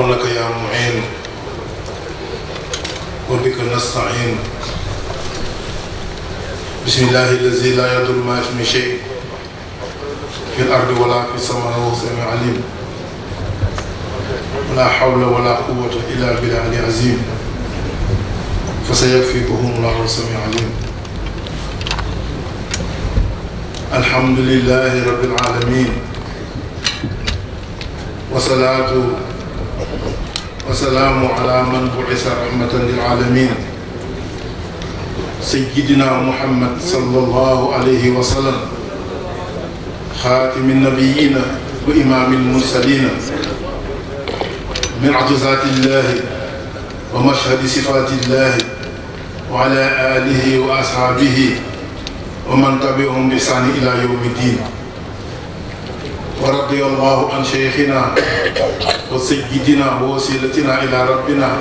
حولك يا معين وبك نستعين بسم الله الذي لا يضر ما اسمه شيء في الأرض ولا في السماء وهو سميع عليم ولا حول ولا قوة إلا بالله العظيم فسيكفيكهم الله السميع العليم الحمد لله رب العالمين وصلاته وسلام على من بعث رحمة للعالمين سيدنا محمد صلى الله عليه وسلم خاتم النبيين وإمام المرسلين من عجزات الله ومشهد صفات الله وعلى آله وأصحابه ومن تبعهم بإحسان إلى يوم الدين ورضي الله عن شيخنا وسيدنا ووسيلتنا إلى ربنا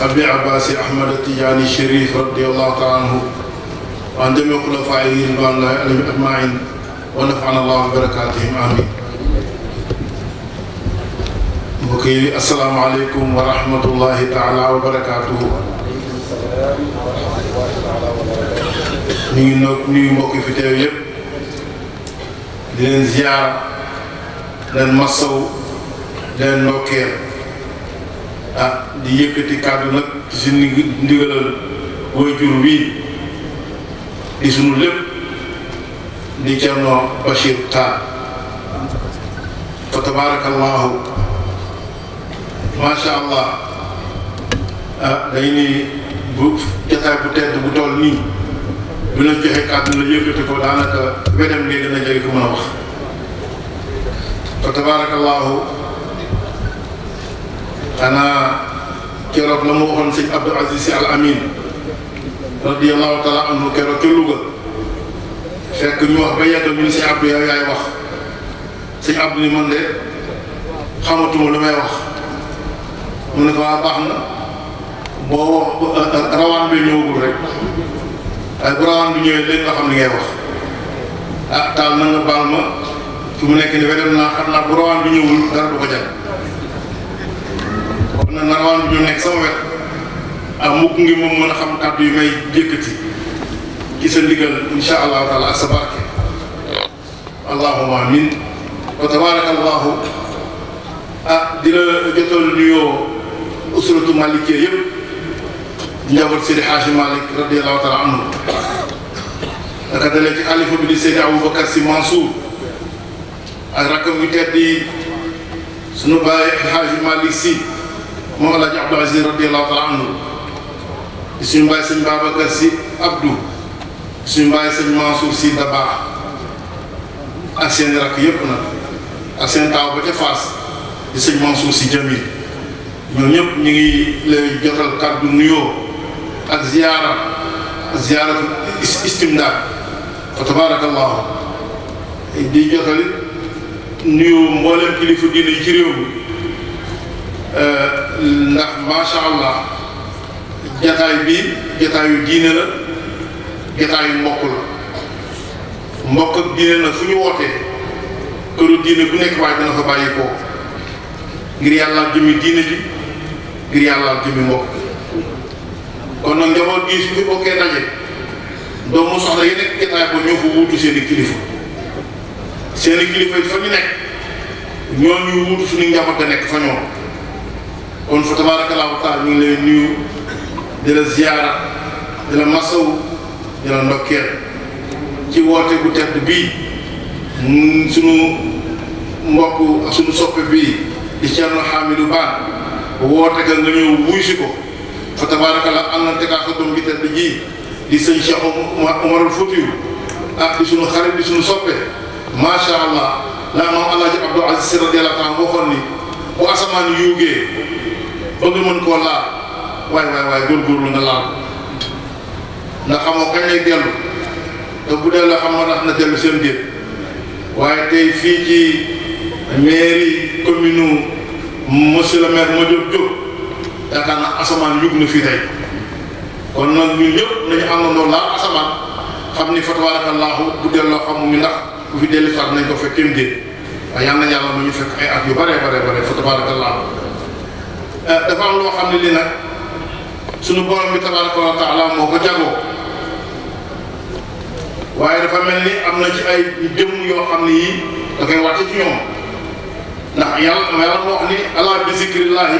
أبي عباس أحمد التجاني الشريف رضي الله تعالى عنه وأن جميع خلفائه رضوان الله أجمعين ونفعنا الله ببركاتهم آمين بكي السلام عليكم ورحمة الله تعالى وبركاته ñu ngi nag nuyu mbokki fi teew yëpp di leen ziar leen masaw di leen ndokkeel ah di yëkkati kàddu nag ci ndigalal waajur wii di sunu lépp di Cerno Bachir Tall fa tabaarakallaahu allah ah, day nii bu jotaay bu tedd bu toll nii bu la joxe kàddu la yëkkati ko daanaka wedem léegi na jëri ko mën a wax fa xanaa keroog la mu waxoon sëñ Abdou Aziz Sy Al Amin radiyallahu taala anhu keroog ca Louga fekk ñu wax ba yàgg ñu ne sëñ Abdou yaay wax sëñ Abdou ni man de xamatuma lu may wax mu ne ko waa baax na boo euh, euh, rawaan bi ñëwagul rek waaye bu rawaan bi ah, mu nekk ni dem ñëwul dara du ko jar. boobu na narwaan bi ñu nekk sama wet ah may jékkati ci sa ndigal insha allahu taala ak sa barke allahuma amin wa di la jotal nuyoo usratu malikiya yëpp di njaboot Seydi Haaji Malick radiallahu taala anhu daka dalee ci xalifa bi di Seydi Aboubacar Sy Mansour ak rakkam yu tedd yi sunu moom Alaaji Abdou Aziz radiyallahu taala anhu si Abdou ñu ngi lay jotal kàddu nuyoo ak ziyaara ziyaara istimdaad fa tabaarakallaahu di jotal nuyoo mboolem kilifa diine ci réew mi ndax macha allah jataay bi jataayu diine la jataayu mbokk la mbokk ak diine la fu ñu wootee këru diine bu nekk waaye dana fa bàyyi ko ngir yàlla jëmi diine ji ngir yàlla jëmi mbokk kon nag njaboot gi su fi bokkee daje doomu soxla yi nekk jataay ko ñoo fa wuutu seen kilifa seen kilifa yi fa ñu nekk ñoo ñu wuutu suñu njaboot ga nekk fa ñoom kon fa tabaarakallaahu taala ñu ngi lay nuyu di la ziyaara di la masawu di la ndokkeel ci woote bu tedd bii mun sunu mbokk ak sunu soppe bii di Thierno Hamidou Bane woote ka nga ñëw wuy si ko fa tabaarakallaahu am na tegaat ko doom bi tedd ji di sëñ Cheikh Omarul Foutiou ak di sunu xarit di sunu soppe macha allah la maam Alaaji Abdou Aziz Sy radiyallaahu taala waxoon bu asamaan yuugee ba nga mën koo laal waay waay waay góorgóorlu nga laal ndax xamoo kañ lay dellu bu dee la xam ma na dellu seen biir waaye tey fii ci mairie commune monsieur le maire ma jóg jóg yaakaar asamaan yóbbu na fii tey kon nag ñun ñëpp nañu àndandoo laal asamaan xam ni fa tabaarakallaahu bu delloo xamuñu ndax bu fi dellu saat nañ ko fekk kéem waaye yal yàlla mu ñu fekk ay at yu bare bare bare fa tabaarakallaahu Euh, dafa am loo xam ne lii nag suñu borom bi tabaraka wa taala moo ko jagoo waaye dafa mel ni am na ci ay jëmm yoo xam ne yii da koy wàcce ci ñoom ndax yàlla yàlla moo wax ni ala bi zikrillahi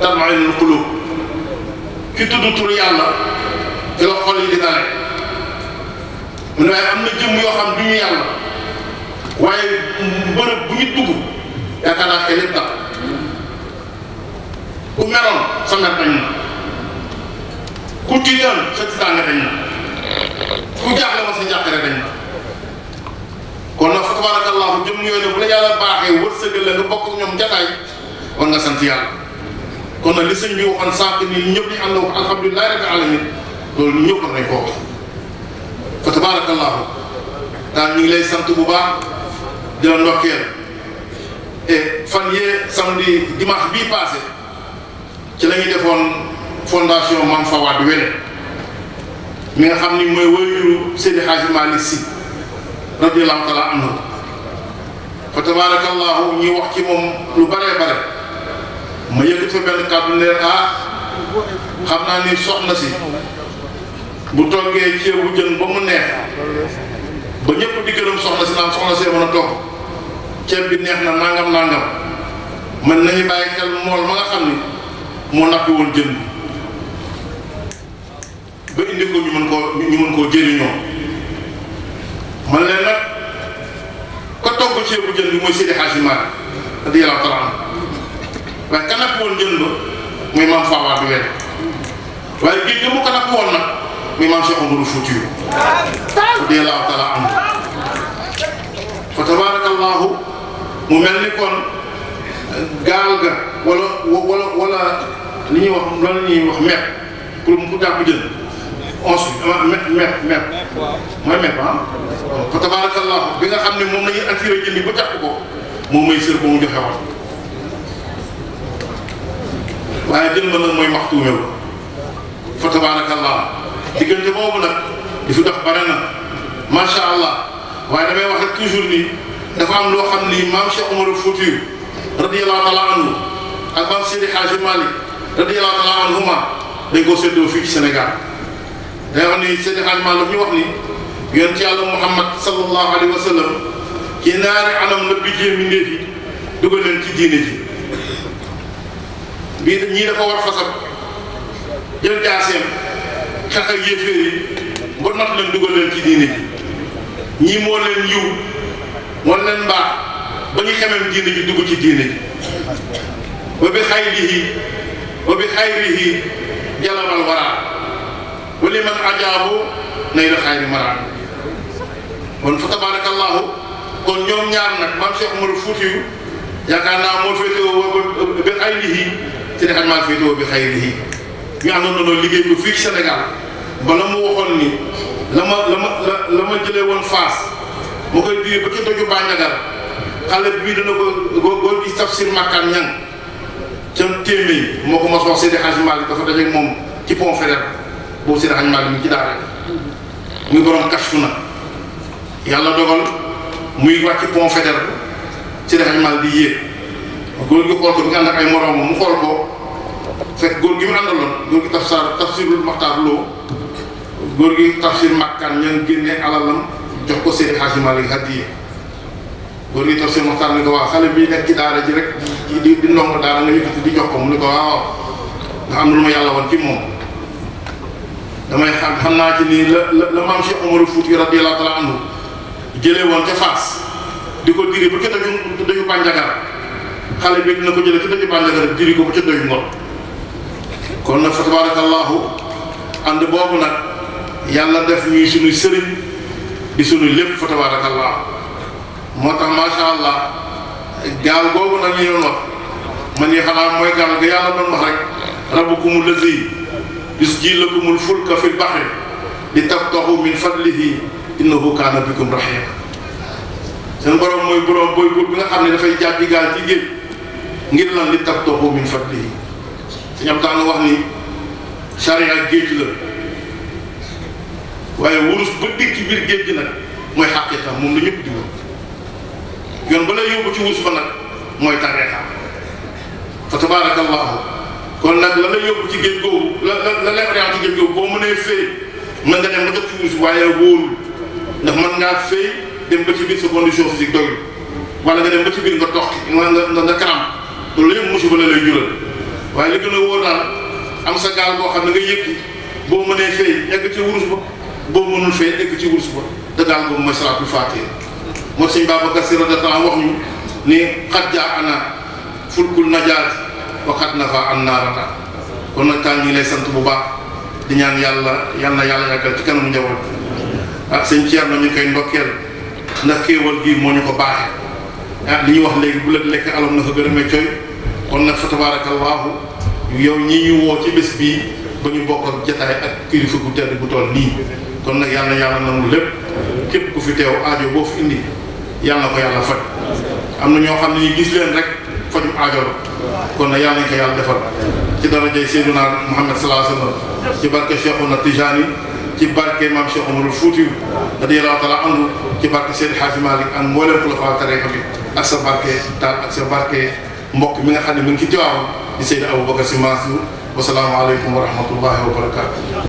tatma'innul qulub ki tudd tur yàlla ci la xol yi di mu ne waaye am na jëmm yoo xam du yàlla waaye bërëb bu ñu dugg yaakaar naa xel yëpp ku tiitoon sa tiitaange ku jaaxle woon sa jaaxle dañ na kon nag fa tabarakallahu jëm yooyu ne bu la yàlla baaxee wërsëgal la nga bokk ñoom jataay war nga sant yàlla kon nag li sëñ bi waxoon sànq nii ñëpp ñu àndoo ko alhamdulilahi rabbi alamin loolu ñëpp war nañ koo fa tabarakallahu daal ngi lay sant bu baax di la ndokkeel fan yee samedi dimanche bii passé ci la ñu defoon fondation Mame Fawade Wellé mi nga xam ni mooy wëyuru Seydi Hadji Malick Sy radiyallahu taala anhu fa tabarakallahu ñuy wax ci moom lu bare bare ma yëkkati fa benn kàddu ne ah xam naa ni soxna si bu toggee ceebu jën ba mu neex ba ñëpp di gërëm soxna si naan soxna see mën a togg ceeb bi neex na nangam nangam man nañu bàyyi xel mool ma nga xam ni moo nappi woon jën ba indi ko ñu mën koo ñu mën koo jëriñoo man leen nag ka togg ceebu jën bi mooy Seydi Hadji Malick radiyallahu taala waaye ka nappi jën ba muy maam Fawa bi wele waaye géej gi mu ko nappi nag muy maam Cheikh Omarou Foutiyou radiyallahu taala anhu fa tabarakallahu mu mel ni kon gaal ga wala wala li ñuy wax loolu pour mu gàpp jël onze bi mer mer mooy ah. fa tabarakallah bi nga xam ne moom la ñuy attiré jën yi ba jàpp ko moom mooy sër ba mu joxe woon waaye jën ba nag mooy maxtuume ba fa tabarakallah diggante boobu nag di fi dox bare na macha allah waaye damay wax rek toujours dafa am loo xam ni maam Cheikh Omar Foutiyou radiyallahu taala anhu ak maam Seydi Hadji radiyallahu taala anhuma dañ koo séddoo fii ci Sénégal day wax ni Seydi Hadji Malick ñu wax ni yonent yàlla Muhammad sallallahu alayhi wa sallam ci ñaari anam la bijjee mbindéef yi leen ci diine ji bii ñii dafa war fasab jël yi ba not leen dugal leen ci diine ji ñii moo leen yiw moo leen mbaax ba ñu xemem diine ji dugg ci diine ji ba bi xay lii wa bi xayrihi jalabal wara wa liman ajaabu nay la xayri mara kon fa tabarakallahu kon ñoom ñaar nag maam Cheikh Oumar Foutiyou yaakaar naa moo féetewoo bi xayrihi ci dexat maa féetewoo bi xayrihi ñu àndoon noonu liggéey bu fii Sénégal ba la mu waxoon ni la ma la ma la ma jëlee woon Faas mu koy diir ba ci doju Bandiagara xale bii dana ko góor gi tafsir Makkaan ñang cam téeméer moo ko mos wax Seydi Hadji Malick dafa dajeeg moom ci pont Faidherbe boobu Seydi Hadji Malick mi ci daara muy borom kashfu na yàlla dogal muy wàcc pont Faidherbe Seydi Hadji Malick di yéeg góor gi xool ko bi nga ànd moroomam mu xool ko fekk góor gi mu àndaloon góor gi tafsar tafsirul Maxtaar Lo góor gi tafsir Makkaan ña génnee alalam jox ko Seydi Hadji Malick hadiya góor gi tafsir Muxtaar ni ko waaw xale bi nekk ci daara ji rek di di ndongo daara nga yëkkati di jox ko mu ni ko waaw nga am lu ma yàlla woon ci moom damay xam xam naa ci nii la la la maam Cheikh Omar Fouti radiyallahu taala anhu jëlee woon ca bi dina ko jëlee kon nag fa tabarakallahu ànd boobu nag yàlla def ñuy suñuy sëriñ di suñuy lépp fa tabarakallahu moo tax macha allah gaal googu nag ñu doon wax man yi xanaa mooy gaal ga yàlla doon wax rek rabbukum lazi yusjilukumul fulka fil bahri li tabtaxu min fadlihi innahu kana bikum rahim sen borom moy borom boy bu nga xamne da fay jàppi gal ci gel ngir lan li tabtaxu min fadlihi sëñ am taan wax ni sharia géej la waaye wurus ba dikk bir géej nak moy mooy mom lu la ñëpp di wax yoon ba lay yóbbu ci wurus ba nag mooy tariixa fa tabaarakallaahu kon nag la lay yóbbu ci géej googu la la la lay orienté ci géej googu boo mënee fay mën nga dem ba def ci wurus waaye wóorul ndax ba ci biir sa condition physique doyul wala waaye li gën a am sa gaal boo xam ne nga yëkki boo mënee fay egg ci wurus boo mënul fay egg ci wurus ba te gaal boobu mooy salaatu faatee moom sëñ Babacar si radiyallahu wax ñu ni xat jaa ana fulkul najat wa xat na fa an naarata kon nag kaan ñu lay sant bu baax di ñaan yalla yalla yalla yàlla ci kanam ñewal ak sëñ Thierno ñu kay ndokkeel na xewal gi mo ñu ko baax ak ah, li ñu wax legi bu la lek alam na fa gën me coy kon nag fa tabarakallahu yow ñi ñu wo ci bés bi ba ñu bokk ak jataay ak kilifa gu tedd bu toll ni kon nag yalla yàlla nangu lepp képp ku fi tew aajo bo fi indi yàlla na ko yàlla faj am na ñoo xam ne ñu gis leen rek kon aajo kon na yàlla nañ ko yàlla defal ci darajay Seydina Muhammad sallallahu alayhi wa sallam ci barke Cheikhouna Tijani ci barke maam Cheikh Omarul Fuutiyu radiyallahu a anhu ci barke Seydi a Malick ak mboolem ku la faa taree bi ak sa barke taal ak sa barke mbokk mi nga xam ne mi ngi ci Tiwaawan di Seydi Aboubacar Sy Mansour wasalaamualeykum wa rahmatullahi wa barakatu